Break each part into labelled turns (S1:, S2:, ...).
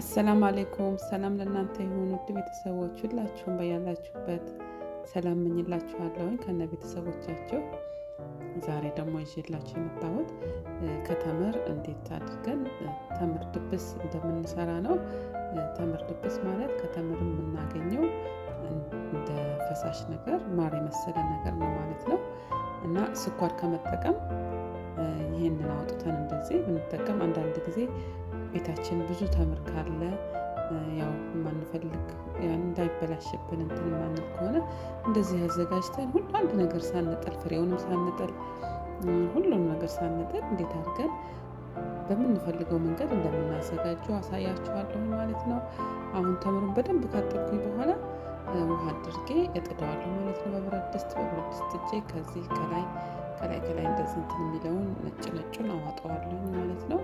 S1: አሰላም አሌይኩም ሰላም ለእናንተ የሆኑ ውድ ቤተሰቦች ሁላችሁም በያላችሁበት ሰላም ምኝላችኋለሁኝ ከነ ቤተሰቦቻቸው። ዛሬ ደግሞ ይዤላችሁ የመጣሁት ከተምር እንዴት አድርገን ተምር ድብስ እንደምንሰራ ነው። ተምር ድብስ ማለት ከተምር የምናገኘው እንደ ፈሳሽ ነገር ማር የመሰለ ነገር ነው ማለት ነው እና ስኳር ከመጠቀም ይህንን አውጥተን እንደዚህ ብንጠቀም አንዳንድ ጊዜ ቤታችን ብዙ ተምር ካለ ያው የማንፈልግ እንዳይበላሽብን እንትን የማንል ከሆነ እንደዚህ አዘጋጅተን ሁሉ አንድ ነገር ሳንጥል ፍሬውንም ሳንጥል ሁሉም ነገር ሳንጥል እንዴት አድርገን በምንፈልገው መንገድ እንደምናዘጋጀው አሳያችኋለሁ ማለት ነው። አሁን ተምሩን በደንብ ካጠብኩኝ በኋላ ውሃ አድርጌ እጥደዋለሁ ማለት ነው። በብረት ድስት በብረት ድስት እጄ ከዚህ ከላይ ከላይ ከላይ እንደዚህ እንትን የሚለውን ነጭ ነጩን አዋጠዋለሁ ማለት ነው።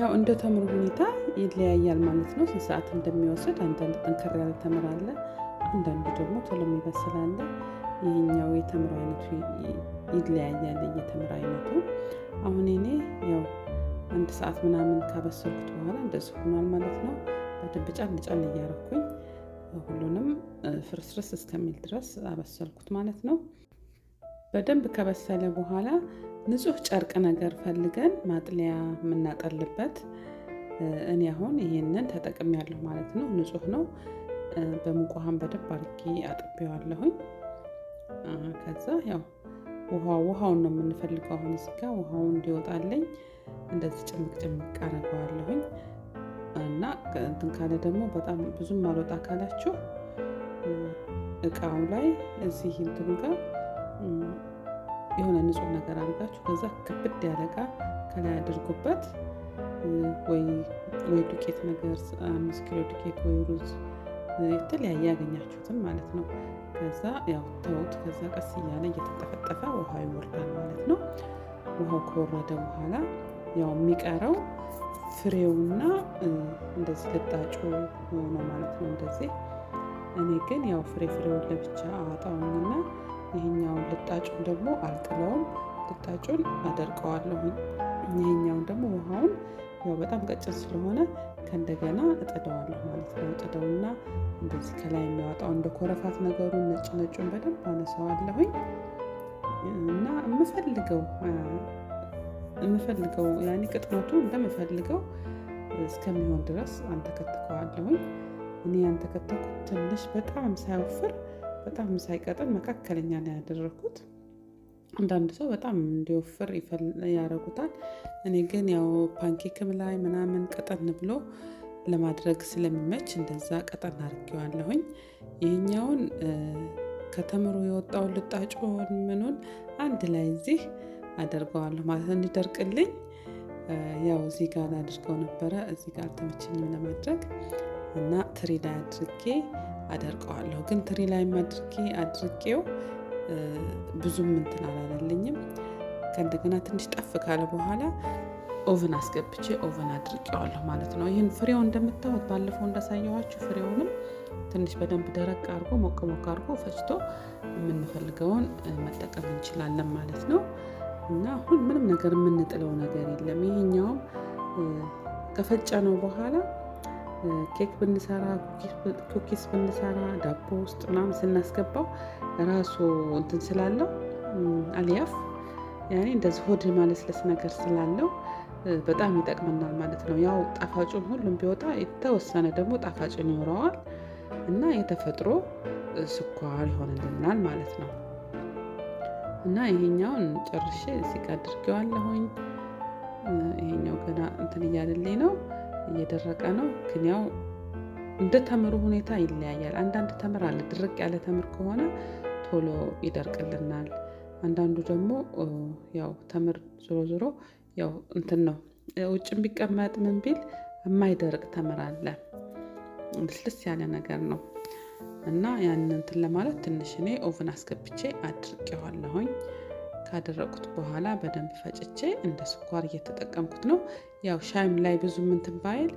S1: ያው እንደ ተምሩ ሁኔታ ይለያያል ማለት ነው። ስንት ሰዓት እንደሚወስድ አንዳንድ ጠንከር ያለ ተምር አለ፣ አንዳንዱ ደግሞ ቶሎ የሚበስል አለ። ይህኛው የተምር አይነቱ ይለያያል የተምር አይነቱ። አሁን እኔ ያው አንድ ሰዓት ምናምን ካበሰልኩት በኋላ እንደዚህ ሆኗል ማለት ነው። በደንብ ጫን ጫን እያረኩኝ ሁሉንም ፍርስርስ እስከሚል ድረስ አበሰልኩት ማለት ነው። በደንብ ከበሰለ በኋላ ንጹህ ጨርቅ ነገር ፈልገን ማጥለያ የምናጠልበት እኔ አሁን ይሄንን ተጠቅሜያለሁ ማለት ነው። ንጹህ ነው። በሙቅ ውሃን በደንብ አድርጌ አጥቤዋለሁኝ። ከዛ ያው ውሃ ውሃውን ነው የምንፈልገው። አሁን እዚህ ጋ ውሃውን እንዲወጣልኝ እንደዚህ ጭምቅ ጭምቅ አረገዋለሁኝ እና እንትን ካለ ደግሞ በጣም ብዙም አልወጣ ካላችሁ እቃው ላይ እዚህ እንትኑ ጋር የሆነ ንጹህ ነገር አድርጋችሁ ከዛ ክብድ ያለቃ ከላይ አድርጉበት። ወይ ዱቄት ነገር አምስት ኪሎ ዱቄት ወይ ሩዝ የተለያየ ያገኛችሁትን ማለት ነው። ከዛ ያው ተውት። ከዛ ቀስ እያለ እየተጠፈጠፈ ውሃ ይወርዳል ማለት ነው። ውሃው ከወረደ በኋላ ያው የሚቀረው ፍሬውና እንደዚህ ልጣጩ ነው ማለት ነው። እንደዚህ እኔ ግን ያው ፍሬ ፍሬውን ለብቻ አወጣውና ይሄኛውን ልጣጩን ደግሞ አልጥለውም፣ ልጣጩን አደርቀዋለሁ ይሄኛውን ደግሞ ውሃውን ያው በጣም ቀጭን ስለሆነ ከእንደገና እጥደዋለሁ ማለት ነው። እጥደውና እንደዚህ ከላይ የሚያወጣው እንደ ኮረፋት ነገሩን ነጭ ነጩን በደንብ አነሳዋለሁኝ እና የምፈልገው የምፈልገው ያኔ ቅጥነቱ እንደምፈልገው እስከሚሆን ድረስ አንተከትከዋለሁኝ። እኔ ያንተከተኩት ትንሽ በጣም ሳይወፍር በጣም ሳይቀጥን መካከለኛ ነው ያደረግኩት። አንዳንድ ሰው በጣም እንዲወፍር ያደርጉታል። እኔ ግን ያው ፓንኬክም ላይ ምናምን ቀጠን ብሎ ለማድረግ ስለሚመች እንደዛ ቀጠን አድርጌዋለሁኝ። ይህኛውን ከተምሮ የወጣውን ልጣጮን ምኑን አንድ ላይ እዚህ አደርገዋለሁ ማለት ነው እንዲደርቅልኝ። ያው እዚህ ጋር አድርገው ነበረ፣ እዚህ ጋር አልተመቸኝም ለማድረግ እና ትሪ ላይ አድርጌ አደርቀዋለሁ። ግን ትሪ ላይ አድርጌ አድርቄው ብዙም እንትን አላለልኝም። ከእንደገና ትንሽ ጠፍ ካለ በኋላ ኦቨን አስገብቼ ኦቨን አድርቄዋለሁ ማለት ነው። ይህን ፍሬው እንደምታወት ባለፈው እንዳሳየኋችሁ ፍሬውንም ትንሽ በደንብ ደረቅ አድርጎ ሞቅ ሞቅ አድርጎ ፈጭቶ የምንፈልገውን መጠቀም እንችላለን ማለት ነው። እና አሁን ምንም ነገር የምንጥለው ነገር የለም። ይሄኛውም ከፈጨ ነው በኋላ ኬክ ብንሰራ ኩኪስ ብንሰራ ዳቦ ውስጥ ምናምን ስናስገባው ራሱ እንትን ስላለው አልያፍ ያኔ እንደዚህ ሆድ ማለስለስ ነገር ስላለው በጣም ይጠቅመናል ማለት ነው። ያው ጣፋጩን ሁሉም ቢወጣ የተወሰነ ደግሞ ጣፋጭን ይኖረዋል እና የተፈጥሮ ስኳር ይሆንልናል ማለት ነው። እና ይሄኛውን ጨርሼ ሲቃ አድርጌዋለሁኝ። ይሄኛው ገና እንትን እያለልኝ ነው። እየደረቀ ነው። ግን ያው እንደ ተምሩ ሁኔታ ይለያያል። አንዳንድ ተምር አለ ድርቅ ያለ ተምር ከሆነ ቶሎ ይደርቅልናል። አንዳንዱ ደግሞ ያው ተምር ዞሮ ዞሮ ያው እንትን ነው ውጭም ቢቀመጥ ምን ቢል የማይደርቅ ተምር አለ። ልስልስ ያለ ነገር ነው እና ያንን እንትን ለማለት ትንሽ እኔ ኦቭን አስገብቼ አድርቅ ካደረቁት በኋላ በደንብ ፈጭቼ እንደ ስኳር እየተጠቀምኩት ነው። ያው ሻይም ላይ ብዙ ምንትን ባይል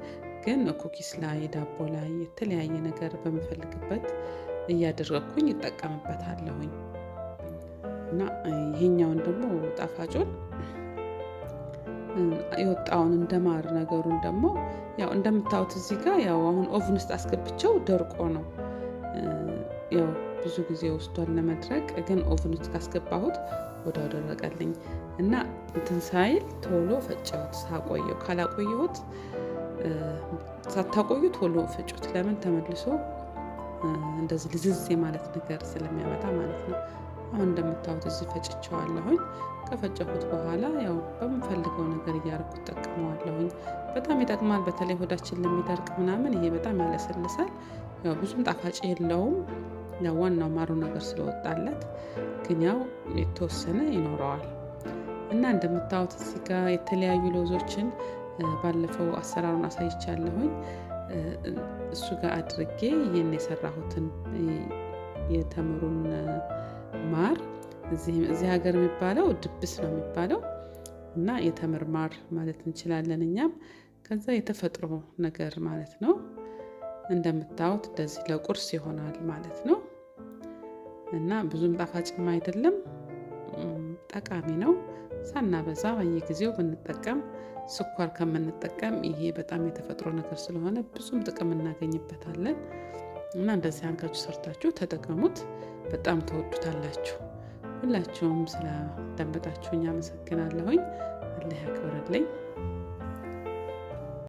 S1: ግን ኩኪስ ላይ፣ ዳቦ ላይ የተለያየ ነገር በምፈልግበት እያደረግኩኝ ይጠቀምበታለሁኝ እና ይሄኛውን ደግሞ ጣፋጩን የወጣውን እንደ ማር ነገሩን ደግሞ ያው እንደምታዩት እዚህ ጋር ያው አሁን ኦቭን ውስጥ አስገብቸው ደርቆ ነው ያው ብዙ ጊዜ ወስዷል ለመድረቅ። ግን ኦቭን ውስጥ ካስገባሁት ወደ ደረቀልኝ እና እንትን ሳይል ቶሎ ፈጨሁት። ሳቆየው ካላቆየሁት ሳታቆዩ ቶሎ ፈጩት። ለምን ተመልሶ እንደዚህ ልዝዝ የማለት ነገር ስለሚያመጣ ማለት ነው። አሁን እንደምታዩት እዚህ ፈጭቸዋለሁኝ። ከፈጨሁት በኋላ ያው በምፈልገው ነገር እያደረኩ ጠቀመዋለሁኝ። በጣም ይጠቅማል። በተለይ ሆዳችን ለሚደርቅ ምናምን ይሄ በጣም ያለሰልሳል። ያው ብዙም ጣፋጭ የለውም። ያው ዋናው ማሩ ነገር ስለወጣለት ግን ያው የተወሰነ ይኖረዋል እና እንደምታዩት እዚህ የተለያዩ ለውዞችን ባለፈው አሰራሩን አሳይቻለሁኝ። እሱ ጋር አድርጌ ይህን የሰራሁትን የተምሩን ማር እዚህ ሀገር የሚባለው ድብስ ነው የሚባለው እና የተምር ማር ማለት እንችላለን እኛም። ከዛ የተፈጥሮ ነገር ማለት ነው። እንደምታዩት እንደዚህ ለቁርስ ይሆናል ማለት ነው። እና ብዙም ጣፋጭም አይደለም፣ ጠቃሚ ነው። ሳናበዛ በየጊዜው ብንጠቀም ስኳር ከምንጠቀም ይሄ በጣም የተፈጥሮ ነገር ስለሆነ ብዙም ጥቅም እናገኝበታለን እና እንደዚህ አድርጋችሁ ሰርታችሁ ተጠቀሙት። በጣም ተወዱታላችሁ። ሁላችሁም ስላዳመጣችሁኝ አመሰግናለሁኝ። አላህ ያክብረልኝ።